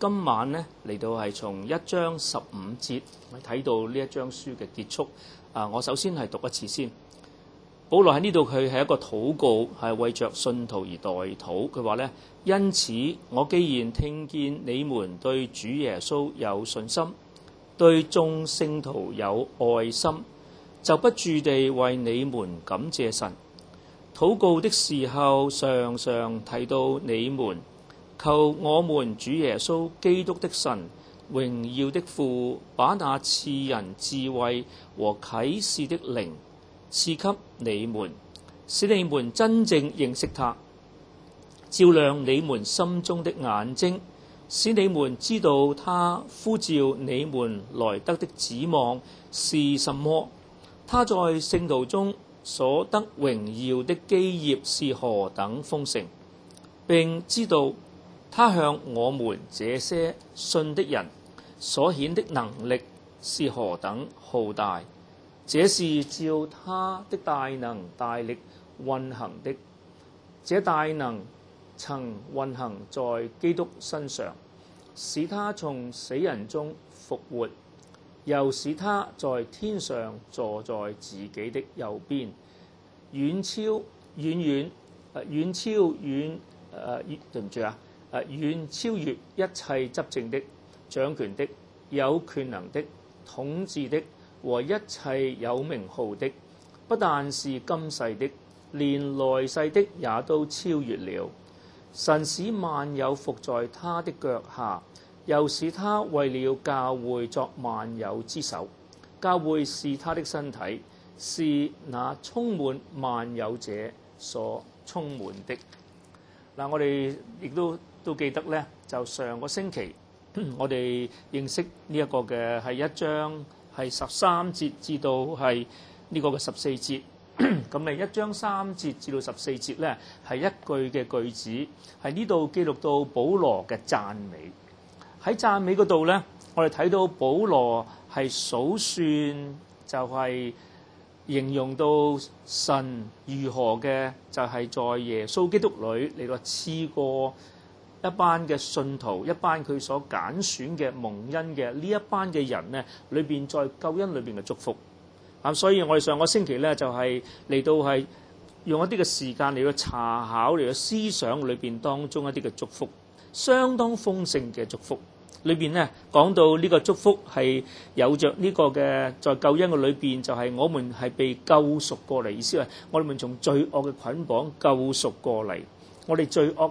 今晚呢嚟到係從一章十五節睇到呢一章書嘅結束。啊，我首先係讀一次先。保羅喺呢度佢係一個禱告，係為着信徒而代禱。佢話咧，因此我既然聽見你們對主耶穌有信心，對眾聖徒有愛心，就不住地為你們感謝神。禱告的時候常常提到你們。求我們主耶穌基督的神榮耀的父，把那賜人智慧和啟示的靈賜給你們，使你們真正認識他，照亮你們心中的眼睛，使你們知道他呼召你們來得的指望是什麼。他在聖徒中所得榮耀的基業是何等豐盛，並知道。他向我們這些信的人所顯的能力是何等浩大！這是照他的大能大力運行的。這大能曾運行在基督身上，使他從死人中復活，又使他在天上坐在自己的右邊，遠超遠遠、呃、遠超遠，呃、遠對對唔住啊！誒遠超越一切執政的、掌權的、有權能的、統治的和一切有名號的，不但是今世的，連來世的也都超越了。神使萬有伏在他的腳下，又使他為了教會作萬有之首。教會是他的身體，是那充滿萬有者所充滿的。嗱、嗯，我哋亦都。都記得咧，就上個星期我哋認識呢一個嘅係一章係十三節至到係呢個嘅十四節。咁你 一章三節至到十四節咧，係一句嘅句子，喺呢度記錄到保羅嘅讚美，喺讚美嗰度咧，我哋睇到保羅係數算就係形容到神如何嘅就係在耶穌基督裏嚟到黐過。一班嘅信徒，一班佢所揀選嘅蒙恩嘅呢一班嘅人咧，裏邊在救恩裏邊嘅祝福。啊，所以我哋上個星期咧就係、是、嚟到係用一啲嘅時間嚟到查考，嚟到思想裏邊當中一啲嘅祝福，相當豐盛嘅祝福。裏邊咧講到呢個祝福係有着呢個嘅在救恩嘅裏邊就係、是、我們係被救贖過嚟，意思係我哋從罪惡嘅捆綁救贖過嚟，我哋罪惡。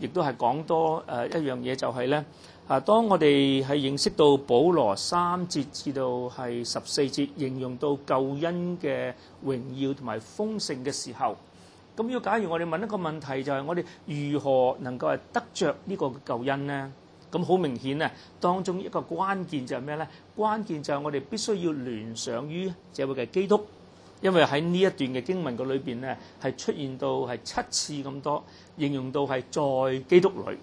亦都係講多誒一樣嘢，就係咧啊！當我哋係認識到保羅三節至到係十四節形容到救恩嘅榮耀同埋豐盛嘅時候，咁要假如我哋問一個問題，就係我哋如何能夠係得著呢個救恩呢？咁好明顯啊，當中一個關鍵就係咩咧？關鍵就係我哋必須要聯想於社會嘅基督。因為喺呢一段嘅經文個裏邊咧，係出現到係七次咁多，應用到係在基督裏，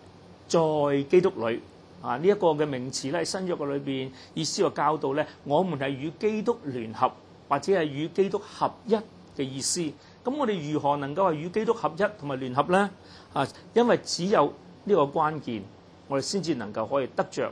在基督裏啊、這個、呢一個嘅名詞咧，喺新約嘅裏邊，意思話教導呢，我們係與基督聯合或者係與基督合一嘅意思。咁我哋如何能夠係與基督合一同埋聯合呢？啊，因為只有呢個關鍵，我哋先至能夠可以得着。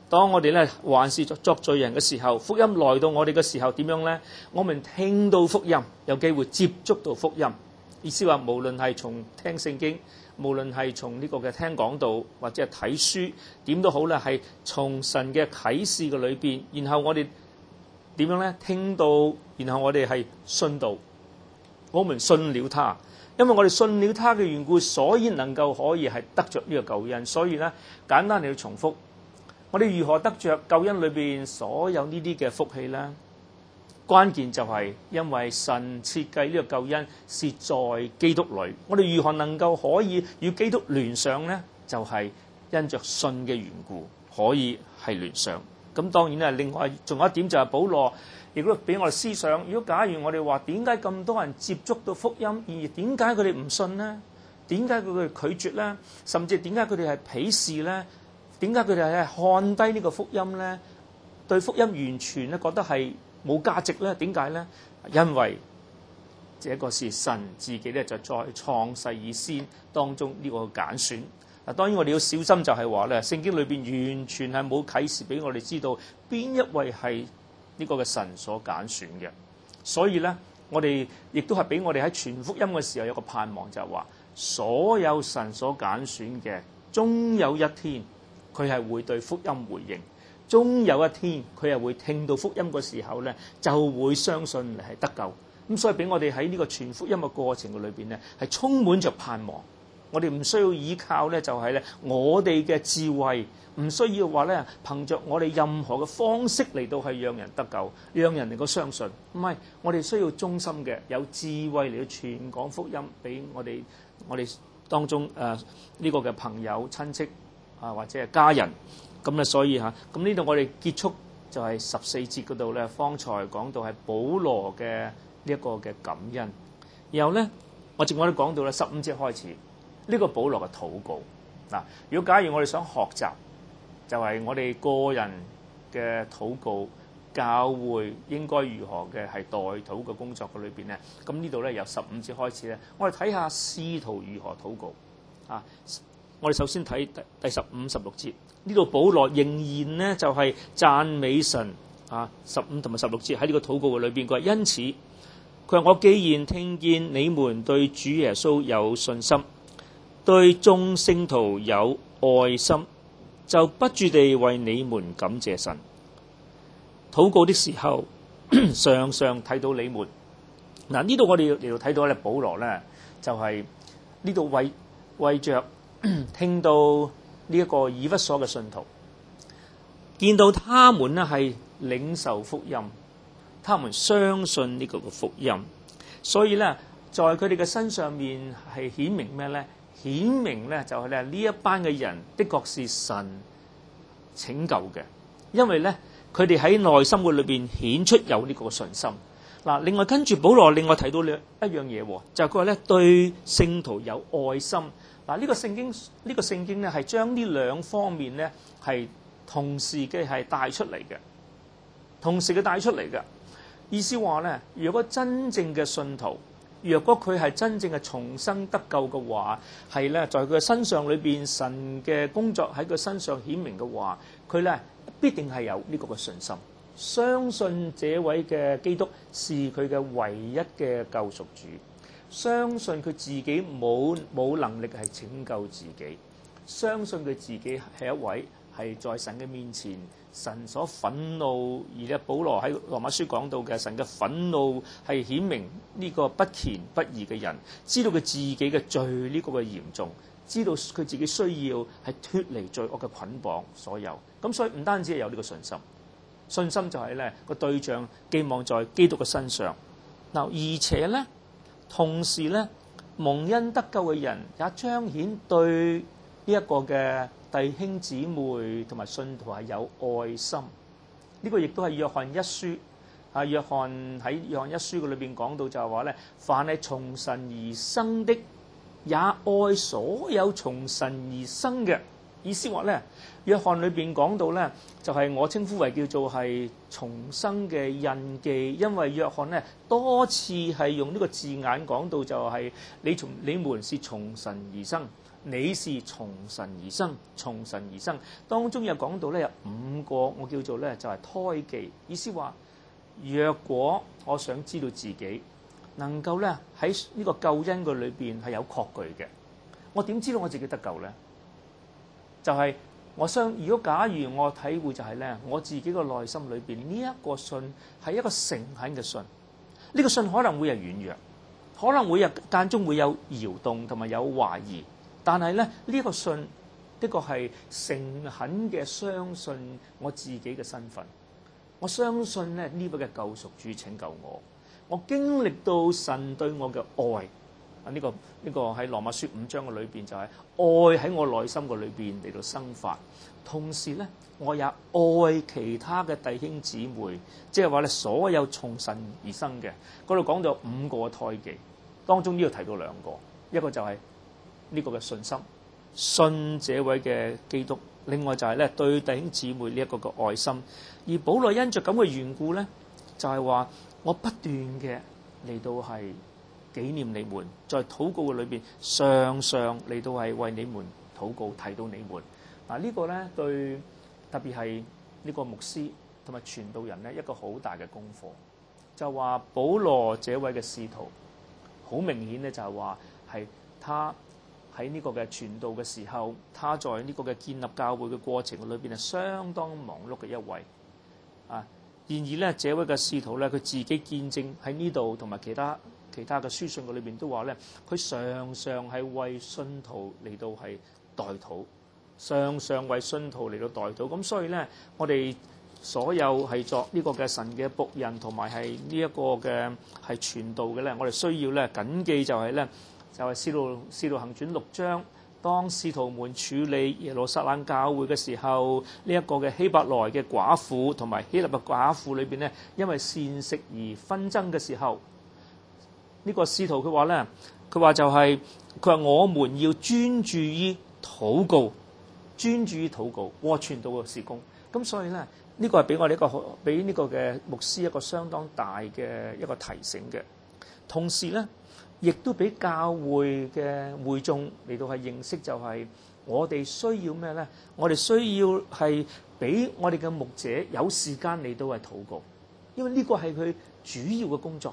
當我哋咧還是作罪人嘅時候，福音來到我哋嘅時候點樣呢？我們聽到福音，有機會接觸到福音，意思話無論係從聽聖經，無論係從呢個嘅聽講道，或者係睇書，點都好啦，係從神嘅啟示嘅裏邊，然後我哋點樣呢？聽到，然後我哋係信道，我們信了他，因為我哋信了他嘅緣故，所以能夠可以係得着呢個救恩。所以呢，簡單嚟要重複。我哋如何得着救恩裏面所有呢啲嘅福氣呢？關鍵就係因為神設計呢個救恩是在基督裏。我哋如何能夠可以與基督聯上呢？就係、是、因着信嘅緣故，可以係聯上。咁當然咧，另外仲有一點就係保羅亦都俾我哋思想，如果假如我哋話點解咁多人接觸到福音，而點解佢哋唔信呢？點解佢哋拒絕呢？甚至點解佢哋係鄙視呢？點解佢哋係看低呢個福音咧？對福音完全咧覺得係冇價值咧？點解咧？因為這個是神自己咧就再創世以先，當中呢個揀選。嗱，當然我哋要小心就係話咧，聖經裏邊完全係冇啟示俾我哋知道邊一位係呢個嘅神所揀選嘅。所以咧，我哋亦都係俾我哋喺傳福音嘅時候有一個盼望，就係話所有神所揀選嘅，終有一天。佢係會對福音回應，終有一天佢係會聽到福音嘅時候呢，就會相信係得救。咁所以俾我哋喺呢個傳福音嘅過程嘅裏邊呢，係充滿着盼望。我哋唔需要依靠呢，就係呢——我哋嘅智慧，唔需要話呢，憑着我哋任何嘅方式嚟到係讓人得救，讓人能夠相信。唔係，我哋需要忠心嘅，有智慧嚟到傳講福音俾我哋，我哋當中誒呢、呃這個嘅朋友親戚。啊，或者係家人，咁咧，所以嚇，咁呢度我哋結束就係十四節嗰度咧，方才講到係保羅嘅呢一個嘅感恩。然後咧，我正我哋講到咧十五節開始，呢、這個保羅嘅禱告嗱。如果假如我哋想學習，就係、是、我哋個人嘅禱告、教會應該如何嘅係代禱嘅工作嘅裏邊咧，咁呢度咧由十五節開始咧，我哋睇下使徒如何禱告啊。我哋首先睇第十五、十六節，呢度保羅仍然呢就係、是、讚美神啊，十五同埋十六節喺呢個禱告嘅裏邊，佢因此佢話：我既然聽見你們對主耶穌有信心，對眾聖徒有愛心，就不住地為你們感謝神。禱告的時候，常常睇到你們。嗱、啊，呢度我哋嚟到睇到咧，保羅呢就係呢度為為着。聽到呢一個以弗所嘅信徒見到他們咧，係領受福音，他們相信呢個嘅福音，所以咧，在佢哋嘅身上面係顯明咩咧？顯明咧就係咧呢一班嘅人的確係神拯救嘅，因為咧佢哋喺內生活裏邊顯出有呢個信心。嗱，另外跟住保羅另外提到兩一樣嘢，就係佢話咧對聖徒有愛心。嗱，呢個聖經呢個聖經咧，係將呢兩方面咧係同時嘅、係帶出嚟嘅，同時嘅帶出嚟嘅意思話咧，如果真正嘅信徒，若果佢係真正嘅重生得救嘅話，係咧在佢身上裏邊神嘅工作喺佢身上顯明嘅話，佢咧必定係有呢個嘅信心，相信這位嘅基督是佢嘅唯一嘅救贖主。相信佢自己冇冇能力係拯救自己，相信佢自己係一位係在神嘅面前，神所憤怒而咧。保羅喺羅馬書講到嘅神嘅憤怒係顯明呢個不虔不義嘅人知道佢自己嘅罪呢個嘅嚴重，知道佢自己需要係脫離罪惡嘅捆綁所有咁，所以唔單止有呢個信心，信心就係咧個對象寄望在基督嘅身上嗱，而且咧。同時咧，蒙恩得救嘅人也彰顯對呢一個嘅弟兄姊妹同埋信徒係有愛心。呢個亦都係約翰一書啊，約翰喺約翰一書裏邊講到就係話咧，凡係從神而生的，也愛所有從神而生嘅。意思話咧，約翰裏面講到咧，就係、是、我稱呼為叫做係重生嘅印記，因為約翰咧多次係用呢個字眼講到就係、是、你從你們是從神而生，你是從神而生，從神而生。當中有講到咧有五個，我叫做咧就係、是、胎記。意思話，若果我想知道自己能夠咧喺呢個救恩嘅裏面係有確據嘅，我點知道我自己得救咧？就係、是、我相，如果假如我體會就係咧，我自己的內心裏面、這個內心裏邊呢一個信係一個誠懇嘅信。呢、這個信可能會係軟弱，可能會有間中會有搖動同埋有懷疑，但係咧呢、這個信的確係誠懇嘅相信我自己嘅身份。我相信咧呢位嘅救贖主拯救我，我經歷到神對我嘅愛。啊、這個！呢、這個呢個喺《羅馬書》五章嘅裏邊就係愛喺我內心嘅裏邊嚟到生發，同時咧我也愛其他嘅弟兄姊妹，即係話咧所有從神而生嘅。嗰度講咗五個胎記，當中呢度提到兩個，一個就係呢個嘅信心，信這位嘅基督；另外就係咧對弟兄姊妹呢一個嘅愛心。而保羅因着咁嘅緣故咧，就係、是、話我不斷嘅嚟到係。紀念你們，在禱告嘅裏邊，常常你都係為你們禱告，提到你們。嗱、這個，呢個咧對特別係呢個牧師同埋傳道人咧，一個好大嘅功課。就話保羅這位嘅使徒，好明顯咧就係話係他喺呢個嘅傳道嘅時候，他在呢個嘅建立教會嘅過程裏邊係相當忙碌嘅一位啊。然而咧，這位嘅使徒咧，佢自己見證喺呢度同埋其他。其他嘅書信嘅裏邊都話咧，佢常常係為信徒嚟到係代禱，常常為信徒嚟到代禱。咁所以咧，我哋所有係作呢個嘅神嘅僕人，同埋係呢一個嘅係傳道嘅咧，我哋需要咧緊記就係咧，就係、是《使徒使徒行傳》六章，當使徒們處理耶路撒冷教會嘅時候，呢、這、一個嘅希伯來嘅寡婦同埋希臘嘅寡婦裏邊咧，因為膳食而紛爭嘅時候。這個、呢個使徒佢話咧，佢話就係佢話我們要專注於禱告，專注於禱告，我傳道嘅事工。咁所以咧，呢、這個係俾我哋一個好，俾呢個嘅牧師一個相當大嘅一個提醒嘅。同時咧，亦都俾教會嘅會眾嚟到係認識就係我哋需要咩咧？我哋需要係俾我哋嘅牧者有時間嚟到係禱告，因為呢個係佢主要嘅工作。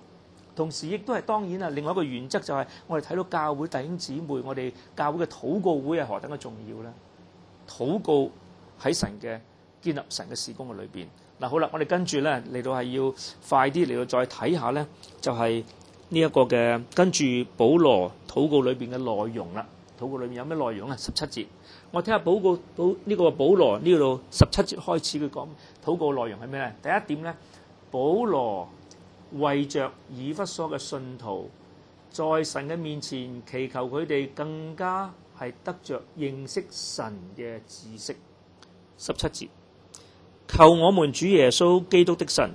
同時，亦都係當然啊！另外一個原則就係我哋睇到教會弟兄姊妹，我哋教會嘅禱告會係何等嘅重要啦！禱告喺神嘅建立、神嘅事工嘅裏邊。嗱，好啦，我哋跟住咧嚟到係要快啲嚟到再睇下咧，就係呢一個嘅跟住保羅禱告裏邊嘅內容啦。禱告裏邊有咩內容啊？十七節，我聽下保，保呢個保羅呢度十七節開始佢講禱告內容係咩咧？第一點咧，保羅。為着以弗所嘅信徒，在神嘅面前祈求佢哋更加係得着認識神嘅知識。十七節，求我們主耶穌基督的神，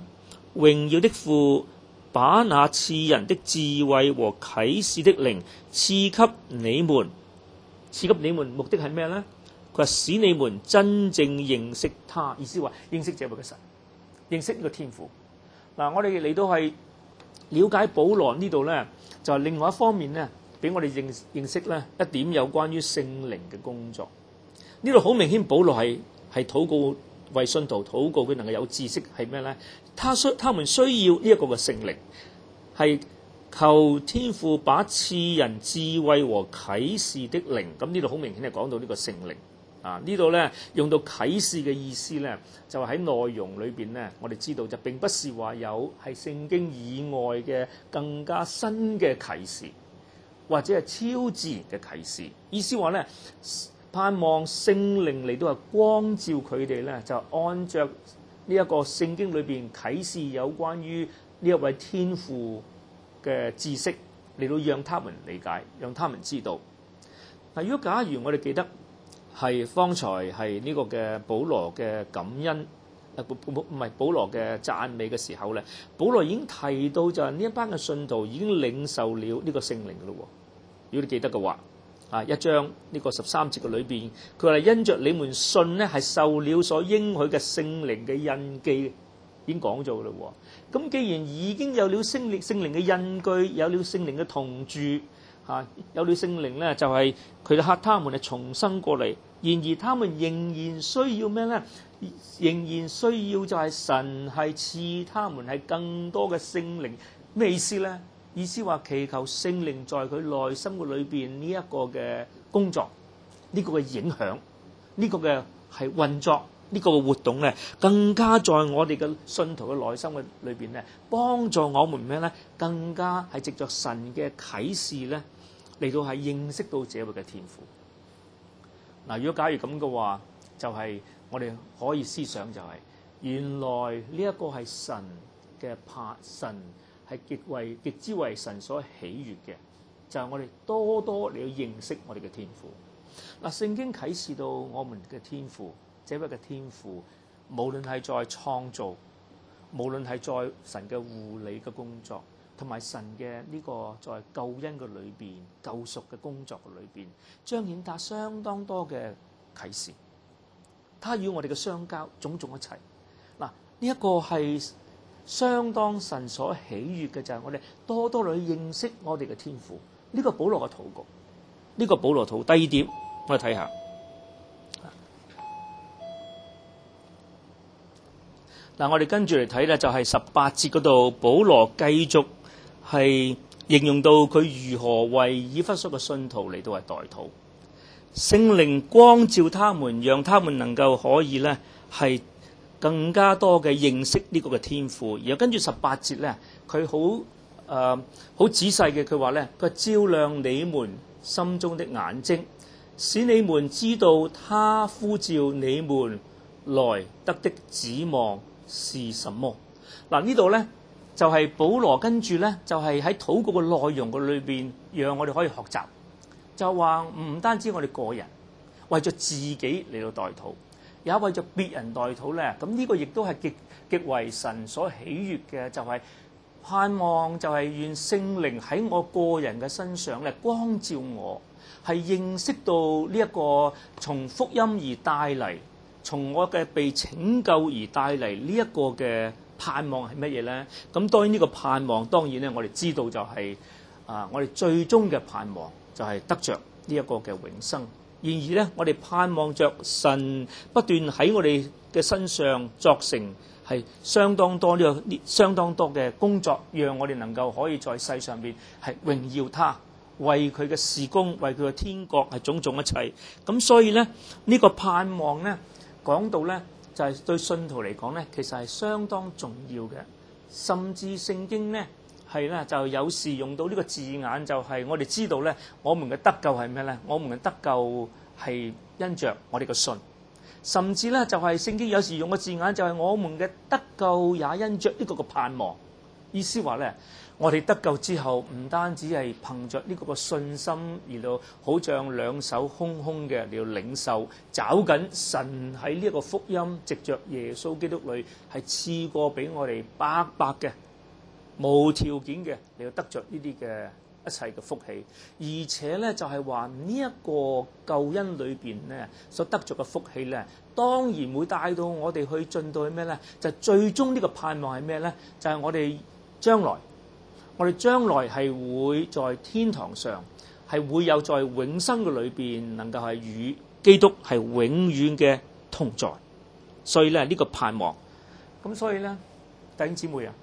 榮耀的父，把那賜人的智慧和啟示的靈賜給你們，賜給你們目的係咩呢？佢話使你們真正認識他，意思話認識這位嘅神，認識呢個天父。嗱，我哋嚟到係了，了解保羅呢度咧，就係另外一方面咧，俾我哋認認識咧一點有關於聖靈嘅工作。呢度好明顯，保羅係係禱告為信徒禱告，佢能夠有知識係咩咧？他需他們需要呢一個嘅聖靈，係求天父把賜人智慧和啟示的靈，咁呢度好明顯係講到呢個聖靈。啊！呢度咧用到啟示嘅意思咧，就喺內容裏邊咧，我哋知道就並不是話有係聖經以外嘅更加新嘅啟示，或者係超自然嘅啟示。意思話咧，盼望聖靈嚟到係光照佢哋咧，就按着呢一個聖經裏邊啟示有關於呢一位天父嘅知識嚟到讓他們理解，讓他們知道。嗱，如果假如我哋記得。係方才係呢個嘅保羅嘅感恩，保，唔係保羅嘅讚美嘅時候咧，保羅已經提到就係呢一班嘅信徒已經領受了呢個聖靈嘅咯。如果你記得嘅話，啊一章呢個十三節嘅裏邊，佢話因著你們信咧，係受了所應許嘅聖靈嘅印記，已經講咗咯。咁既然已經有了聖靈，聖靈嘅印據，有了聖靈嘅同住。有啲聖靈咧，就係佢哋嚇，他們係重生過嚟，然而他們仍然需要咩咧？仍然需要就係神係賜他們係更多嘅聖靈，咩意思咧？意思話祈求聖靈在佢內心嘅裏邊呢一個嘅工作，呢個嘅影響，呢個嘅係運作，呢個嘅活動咧，更加在我哋嘅信徒嘅內心嘅裏邊咧，幫助我們咩咧？更加係藉着神嘅啟示咧。嚟到係認識到這位嘅天賦嗱，如果假如咁嘅話，就係、是、我哋可以思想就係、是、原來呢一個係神嘅拍神係極為極之為神所喜悦嘅，就係、是、我哋多多嚟到認識我哋嘅天賦嗱，聖經啟示到我們嘅天賦這位嘅天賦無論係在創造，無論係在神嘅護理嘅工作。同埋神嘅呢、這個在救恩嘅裏邊救贖嘅工作嘅裏邊，彰顯達相當多嘅啟示。他與我哋嘅相交種種一齊。嗱，呢、這、一個係相當神所喜悅嘅，就係、是、我哋多多去認識我哋嘅天父。呢、這個這個保羅嘅禱告，呢個保羅禱。第二點，我哋睇下。嗱，我哋跟住嚟睇咧，就係十八節嗰度，保羅繼續。係形容到佢如何為以弗所嘅信徒嚟到係代禱，聖靈光照他們，讓他們能夠可以呢係更加多嘅認識呢個嘅天父。然後跟住十八節呢，佢好誒好仔細嘅，佢話呢：「佢照亮你們心中的眼睛，使你們知道他呼召你們來得的指望是什麼。」嗱呢度呢。就係保羅跟住呢，就係喺禱告嘅內容嘅裏面，讓我哋可以學習。就話唔單止我哋個人為咗自己嚟到代禱，也為咗別人代禱呢。咁呢個亦都係極極為神所喜悅嘅。就係盼望就係願聖靈喺我個人嘅身上咧光照我，係認識到呢一個從福音而帶嚟，從我嘅被拯救而帶嚟呢一個嘅。盼望係乜嘢呢？咁當然呢個盼望，當然呢，我哋知道就係、是、啊，我哋最終嘅盼望就係得着呢一個嘅永生。然而呢，我哋盼望着神不斷喺我哋嘅身上作成係相當多呢、呢個相當多嘅工作，讓我哋能夠可以在世上邊係榮耀他，為佢嘅事工，為佢嘅天國係種種一切。咁所以呢，呢、呢個盼望呢，講到呢。就係、是、對信徒嚟講咧，其實係相當重要嘅，甚至聖經咧係咧就有時用到呢個字眼，就係我哋知道咧，我們嘅得救係咩咧？我們嘅得救係因着我哋嘅信，甚至咧就係、是、聖經有時用個字眼就係我們嘅得救也因着呢個嘅盼望，意思話咧。我哋得救之後，唔單止係憑著呢個信心而到，好像兩手空空嘅嚟到領受，找緊神喺呢個福音，藉著耶穌基督裏係賜過俾我哋白白嘅無條件嘅嚟到得著呢啲嘅一切嘅福氣。而且咧就係話呢一個救恩裏邊咧所得著嘅福氣咧，當然會帶到我哋去進到去咩咧？就最終呢個盼望係咩咧？就係我哋將來。我哋將來係會在天堂上，係會有在永生嘅裏邊，能夠係與基督係永遠嘅同在。所以咧，呢個盼望。咁所以咧，弟兄姊妹啊，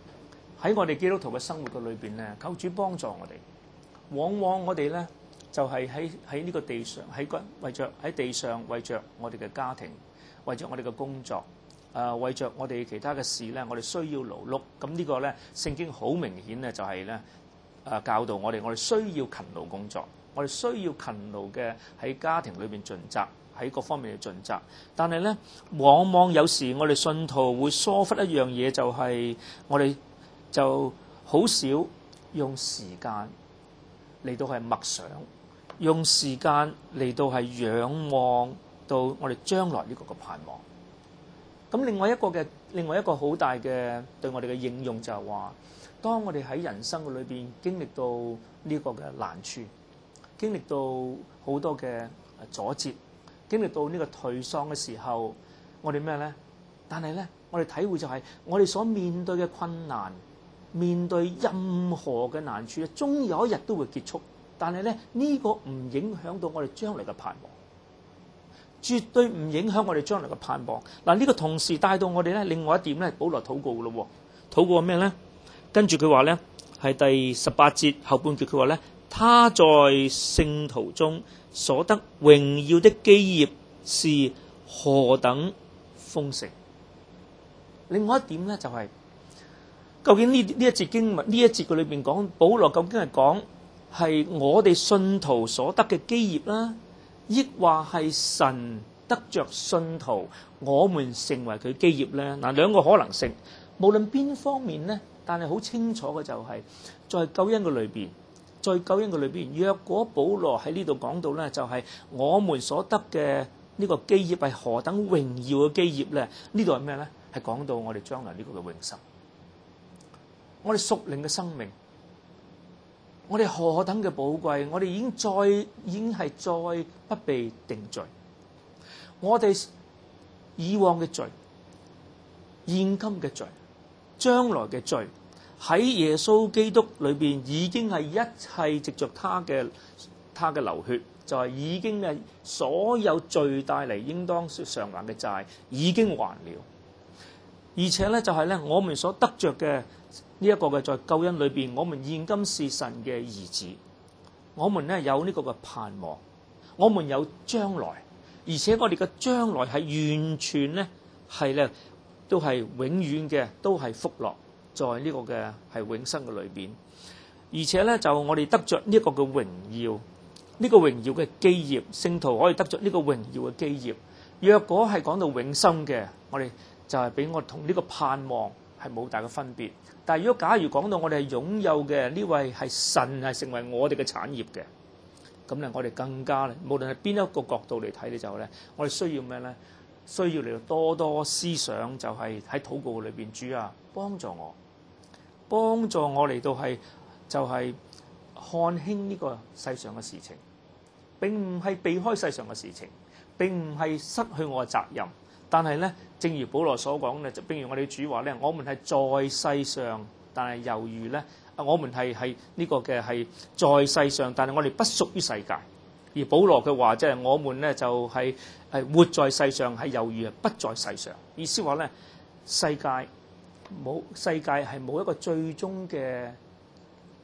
喺我哋基督徒嘅生活嘅裏邊咧，求主幫助我哋。往往我哋咧就係喺喺呢個地上，喺個為着喺地上，在地上為着我哋嘅家庭，為着我哋嘅工作。誒為着我哋其他嘅事咧，我哋需要勞碌。咁呢個咧，聖經好明顯咧，就係咧誒教導我哋，我哋需要勤勞工作，我哋需要勤勞嘅喺家庭裏面盡責，喺各方面嘅盡責，但係咧，往往有時我哋信徒會疏忽一樣嘢，就係我哋就好少用時間嚟到係默想，用時間嚟到係仰望到我哋將來呢個嘅盼望。咁另外一個嘅，另外一個好大嘅，對我哋嘅應用就係話，當我哋喺人生裏邊經歷到呢個嘅難處，經歷到好多嘅誒阻截，經歷到呢個退喪嘅時候，我哋咩咧？但係咧，我哋體會就係我哋所面對嘅困難，面對任何嘅難處，終有一日都會結束。但係咧，呢個唔影響到我哋將來嘅盼望。絕對唔影響我哋將來嘅盼望。嗱，呢個同時帶到我哋咧，另外一點咧，保羅禱告嘅咯，禱告係咩咧？跟住佢話咧，係第十八節後半句，佢話咧，他在聖徒中所得榮耀的基業是何等豐盛。另外一點咧，就係究竟呢呢一節經文，呢一節佢裏邊講，保羅究竟係講係我哋信徒所得嘅基業啦。抑或係神得着信徒，我們成為佢基業咧？嗱，兩個可能性，無論邊方面咧，但係好清楚嘅就係，在救恩嘅裏邊，在救恩嘅裏邊，若果保羅喺呢度講到咧，就係我們所得嘅呢個基業係何等榮耀嘅基業咧？呢度係咩咧？係講到我哋將來呢個嘅永生，我哋屬靈嘅生命。我哋何等嘅寶貴，我哋已經再，已經係再不被定罪。我哋以往嘅罪、現今嘅罪、將來嘅罪，喺耶穌基督裏邊已經係一切籍著他嘅、他嘅流血，就係已經係所有罪帶嚟應當償還嘅債已經還了。而且咧，就係咧，我們所得着嘅。呢、這、一個嘅在救恩裏邊，我們現今是神嘅兒子，我們呢有呢個嘅盼望，我們有將來，而且我哋嘅將來係完全呢，係呢，都係永遠嘅，都係福樂在呢個嘅係永生嘅裏邊，而且呢，就我哋得着呢個嘅榮耀，呢、這個榮耀嘅基業，聖徒可以得着呢個榮耀嘅基業。若果係講到永生嘅，我哋就係俾我同呢個盼望係冇大嘅分別。但係如果假如講到我哋係擁有嘅呢位係神係成為我哋嘅產業嘅，咁咧我哋更加咧無論係邊一個角度嚟睇咧就咧、是，我哋需要咩咧？需要嚟到多多思想，就係喺禱告裏邊，主啊幫助我，幫助我嚟到係就係看輕呢個世上嘅事情，並唔係避開世上嘅事情，並唔係失去我嘅責任。但係咧，正如保羅所講咧，就譬如我哋主話咧，我們係在世上，但係猶如咧，啊，我們係係呢個嘅係在世上，但係我哋不屬於世界。而保羅嘅話即係我們咧就係、是、誒活在世上係猶如啊不在世上。意思話咧，世界冇世界係冇一個最終嘅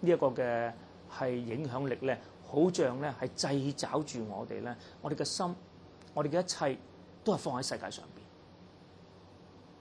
呢一個嘅係影響力咧，好像咧係制找住我哋咧，我哋嘅心，我哋嘅一切都係放喺世界上。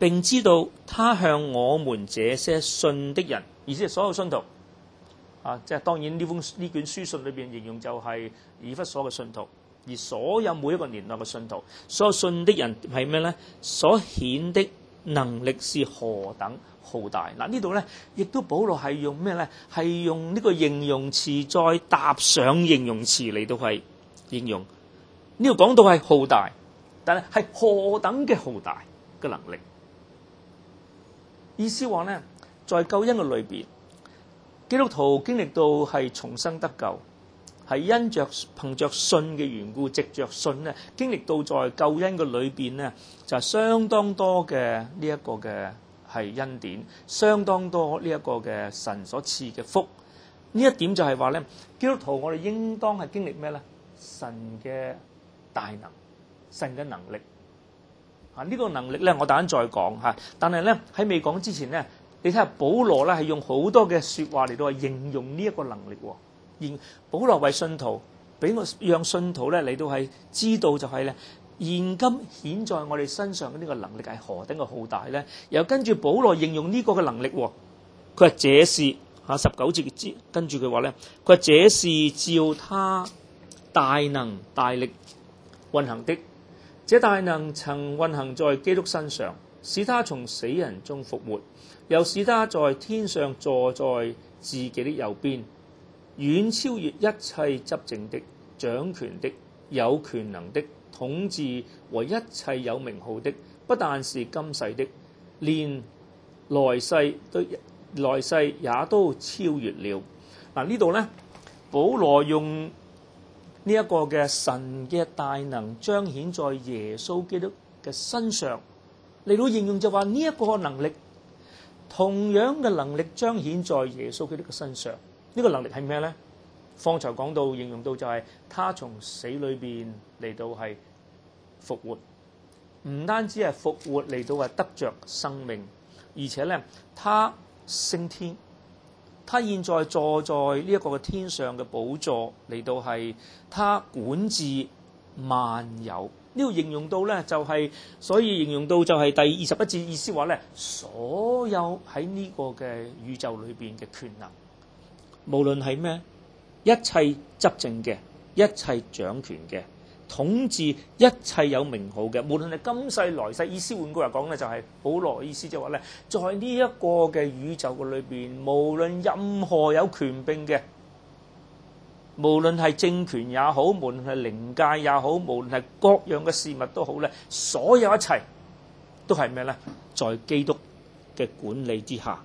並知道他向我們這些信的人，意思係所有信徒啊，即係當然呢封呢卷書信裏邊形容就係以弗所嘅信徒，而所有每一個年代嘅信徒，所有信的人係咩咧？所顯的能力是何等浩大嗱？啊、這裏呢度咧亦都保羅係用咩咧？係用呢個形容詞再搭上形容詞嚟到係形容呢度講到係浩大，但係係何等嘅浩大嘅能力？意思話咧，在救恩嘅裏邊，基督徒經歷到係重生得救，係因着憑着信嘅緣故，藉着信咧，經歷到在救恩嘅裏邊咧，就係相當多嘅呢一個嘅係恩典，相當多呢一個嘅神所賜嘅福。呢一點就係話咧，基督徒我哋應當係經歷咩咧？神嘅大能，神嘅能力。啊！呢個能力咧，我等陣再講嚇。但係咧，喺未講之前咧，你睇下保羅咧係用好多嘅説話嚟到話形容呢一個能力喎，哦。現保羅為信徒俾我讓信徒咧嚟到係知道就係咧，現今顯在我哋身上嘅呢個能力係何等嘅浩大咧。又跟住保羅應用呢個嘅能力，哦，佢話這是嚇十九節之，跟住佢話咧，佢話，這是照他大能大力運行的，這大能曾運行在基督身上，使他從死人中復活，又使他在天上坐在自己的右邊，遠超越一切執政的、掌權的、有權能的、統治和一切有名號的。不但是今世的，連來世都來世也都超越了。嗱，呢度呢，保羅用。呢一個嘅神嘅大能彰顯在耶穌基督嘅身上，嚟到形容就話呢一個能力，同樣嘅能力彰顯在耶穌基督嘅身上。呢個能力係咩咧？方才講到形容到就係他從死裏邊嚟到係復活，唔單止係復活嚟到係得著生命，而且咧他升天。他現在坐在呢一個嘅天上嘅寶座，嚟到係他管治萬有。呢個形容到呢就係、是，所以形容到就係第二十一節，意思話呢，所有喺呢個嘅宇宙裏邊嘅權能，無論係咩，一切執政嘅，一切掌權嘅。統治一切有名號嘅，無論係今世來世，意思換句話講咧，就係保羅意思，就係話咧，在呢一個嘅宇宙嘅裏邊，無論任何有權柄嘅，無論係政權也好，無論係靈界也好，無論係各樣嘅事物都好咧，所有一切都係咩咧？在基督嘅管理之下，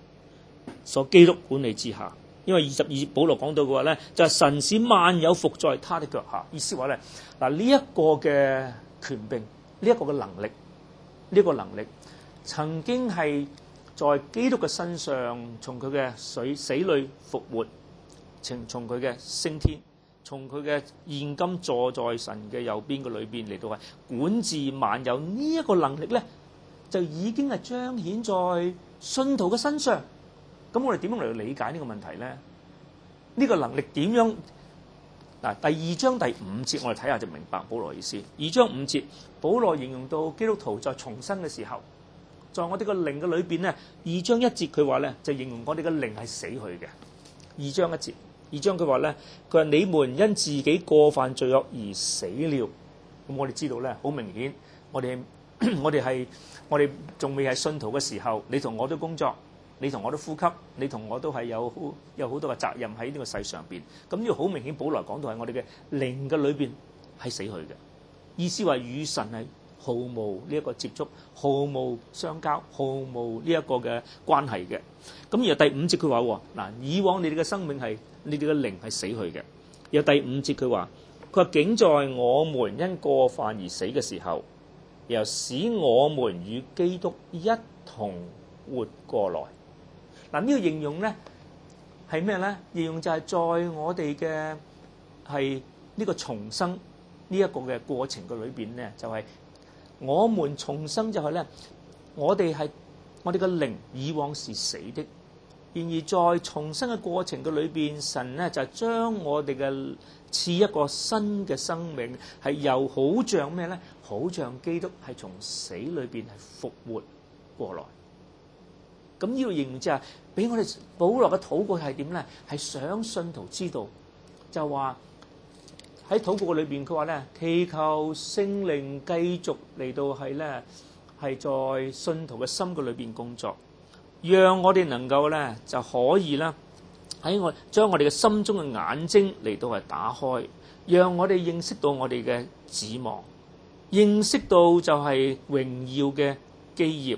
所基督管理之下。因為二十二節保羅講到嘅話咧，就係神使萬有服在祂的腳下，意思話咧，嗱呢一個嘅權柄，呢一個嘅能力，呢個能力曾經係在基督嘅身上，從佢嘅水死裏復活，從從佢嘅升天，從佢嘅現今坐在神嘅右邊嘅裏邊嚟到係管治萬有呢一個能力咧，就已經係彰顯在信徒嘅身上。咁我哋點樣嚟理解呢個問題咧？呢個能力點樣？嗱，第二章第五節我哋睇下就明白保羅意思。二章五節，保羅形容到基督徒在重生嘅時候，在我哋個靈嘅裏邊咧，二章一節佢話咧就形容我哋嘅靈係死去嘅。二章一節，二章佢話咧，佢話你們因自己過犯罪惡而死了。咁我哋知道咧，好明顯，我哋我哋係我哋仲未係信徒嘅時候，你同我都工作。你同我都呼吸，你同我都係有好有好多嘅責任喺呢個世上邊，咁呢個好明顯保羅講到係我哋嘅靈嘅裏邊係死去嘅，意思話與神係毫無呢一個接觸，毫無相交，毫無呢一個嘅關係嘅。咁而後第五節佢話喎，嗱，以往你哋嘅生命係你哋嘅靈係死去嘅。有第五節佢話，佢話竟在我們因過犯而死嘅時候，又使我們與基督一同活過來。嗱、這、呢個形容咧係咩咧？形容就係在我哋嘅係呢個重生呢一個嘅過程嘅裏邊咧，就係、是、我們重生就係咧，我哋係我哋嘅靈以往是死的，然而在重生嘅過程嘅裏邊，神咧就係、是、將我哋嘅賜一個新嘅生命，係又好像咩咧？好像基督係從死裏邊係復活過來。咁呢個認知啊，俾我哋保羅嘅禱告係點咧？係想信徒知道，就話喺禱告嘅裏邊，佢話咧祈求聖靈繼續嚟到係咧，係在信徒嘅心嘅裏邊工作，讓我哋能夠咧就可以啦喺我將我哋嘅心中嘅眼睛嚟到係打開，讓我哋認識到我哋嘅指望，認識到就係榮耀嘅基業。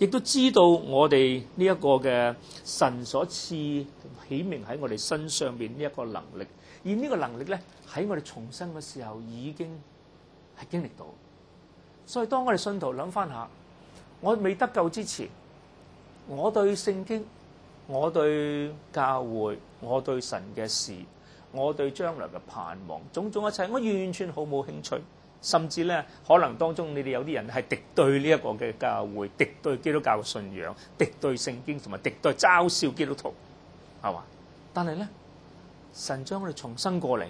亦都知道我哋呢一個嘅神所賜顯明喺我哋身上邊呢一個能力，而呢個能力咧喺我哋重生嘅時候已經係經歷到。所以當我哋信徒諗翻下，我未得救之前，我對聖經、我對教會，我對神嘅事、我對將來嘅盼望，種種一切，我完全好冇興趣。甚至咧，可能當中你哋有啲人係敵對呢一個嘅教會，敵對基督教嘅信仰，敵對聖經，同埋敵對嘲笑基督徒，係嘛？但係咧，神將我哋重生過嚟，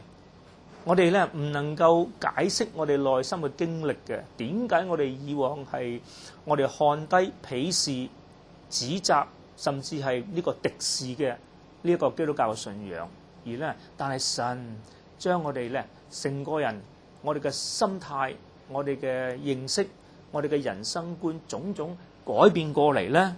我哋咧唔能夠解釋我哋內心嘅經歷嘅，點解我哋以往係我哋看低、鄙視、指責，甚至係呢個敵視嘅呢一個基督教嘅信仰，而咧，但係神將我哋咧成個人。我哋嘅心態、我哋嘅認識、我哋嘅人生觀，種種改變過嚟咧。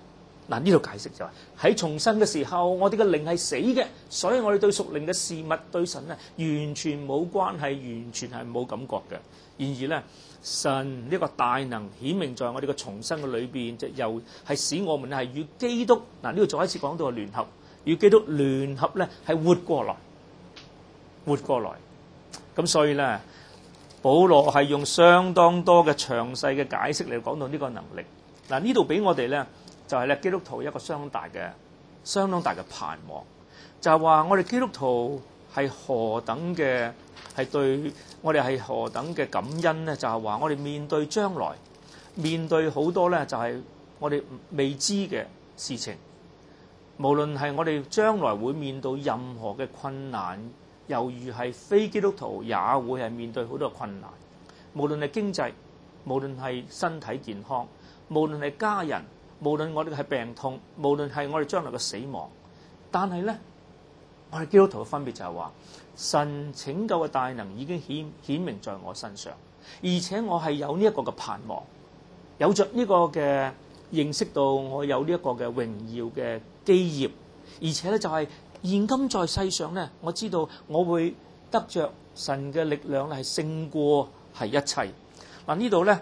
嗱，呢度解釋就係喺重生嘅時候，我哋嘅靈係死嘅，所以我哋對屬靈嘅事物對神啊，完全冇關係，完全係冇感覺嘅。然而咧，神呢個大能顯明在我哋嘅重生嘅裏邊，就又係使我們係與基督，嗱呢度再一次講到嘅聯合，與基督聯合咧係活過來，活過來。咁所以咧。保羅係用相當多嘅詳細嘅解釋嚟講到呢個能力。嗱，呢度俾我哋呢，就係咧基督徒一個相當大嘅、相當大嘅盼望，就係話我哋基督徒係何等嘅，係對我哋係何等嘅感恩。呢就係話我哋面對將來，面對好多呢，就係我哋未知嘅事情，無論係我哋將來會面對任何嘅困難。由於係非基督徒也會係面對好多困難，無論是，無論係經濟，無論係身體健康，無論係家人，無論我哋係病痛，無論係我哋將來嘅死亡，但係咧，我哋基督徒嘅分別就係話，神拯救嘅大能已經顯顯明在我身上，而且我係有呢一個嘅盼望，有着呢個嘅認識到我有呢一個嘅榮耀嘅基業，而且咧就係、是。現今在世上咧，我知道我會得着神嘅力量咧，係勝過係一切。嗱呢度咧，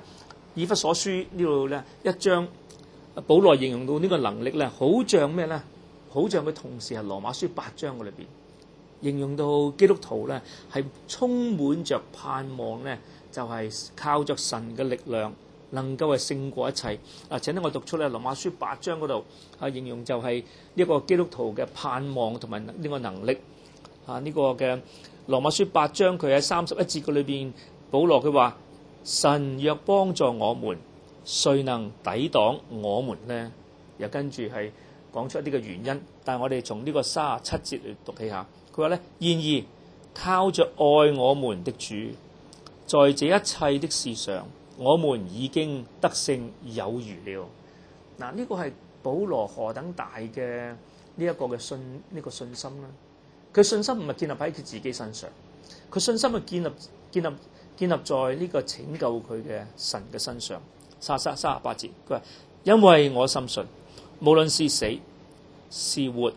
以弗所書這裡呢度咧一章，保羅形容到呢個能力咧，好像咩咧？好像佢同時係羅馬書八章嘅裏邊，形容到基督徒咧係充滿着盼望咧，就係、是、靠着神嘅力量。能夠係勝過一切。嗱，請呢，我讀出咧《羅馬書》八章嗰度啊，形容就係呢個基督徒嘅盼望同埋呢個能力。啊，呢、這個嘅《羅馬書》八章佢喺三十一節嘅裏邊，保羅佢話：神若幫助我們，誰能抵擋我們呢？又跟住係講出一啲嘅原因。但係我哋從這個呢個三十七節嚟讀起，下佢話咧，然而靠着愛我們的主，在這一切的事上。我們已經得勝有餘了。嗱，呢個係保羅何等大嘅呢一個嘅信，呢個信心啦。佢信心唔係建立喺佢自己身上，佢信心係建立建立建立在呢個拯救佢嘅神嘅身上。三三三十八字，佢話：因為我深信，無論是死是活，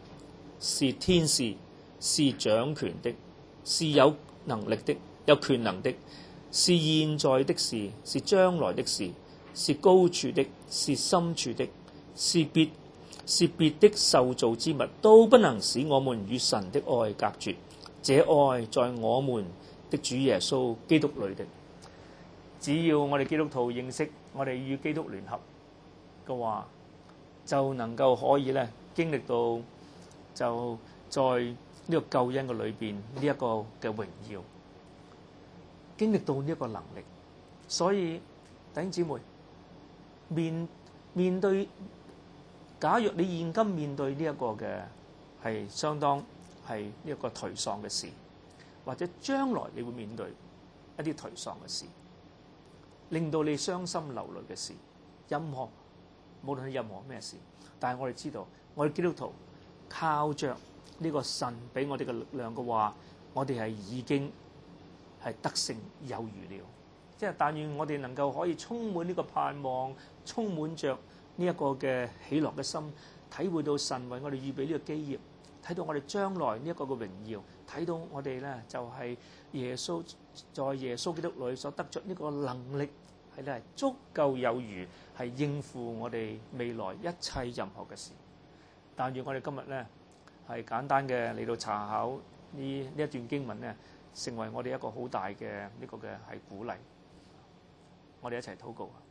是天使、是掌權的，是有能力的，有權能的。是現在的事，是將來的事，是高處的，是深處的，是別是別的受造之物都不能使我們與神的愛隔絕，這愛在我們的主耶穌基督裏的。只要我哋基督徒認識我哋與基督聯合嘅話，就能夠可以咧經歷到就在呢個救恩嘅裏邊呢一個嘅榮耀。經歷到呢個能力，所以弟兄姊妹面面對，假若你現今面對呢一個嘅係相當係呢一個頹喪嘅事，或者將來你會面對一啲頹喪嘅事，令到你傷心流淚嘅事，任何無論係任何咩事，但係我哋知道，我哋基督徒靠着呢個神俾我哋嘅力量嘅話，我哋係已經。係得勝有餘了，即係但願我哋能夠可以充滿呢個盼望，充滿著呢一個嘅喜樂嘅心，體會到神為我哋預備呢個基業，睇到我哋將來呢一個嘅榮耀，睇到我哋咧就係耶穌在耶穌基督裏所得著呢個能力係咧係足夠有餘，係應付我哋未來一切任何嘅事。但願我哋今日咧係簡單嘅嚟到查考呢呢一段經文咧。成為我哋一個好大嘅呢個嘅係鼓勵我哋一齊禱告啊。